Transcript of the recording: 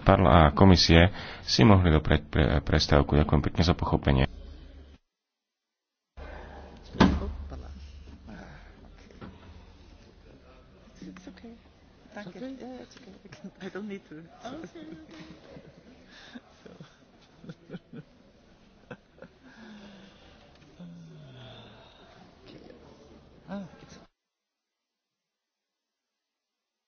parla a komisie si mohli dopreť pre, prestávku. Ďakujem pekne za pochopenie. I Okay. Ah.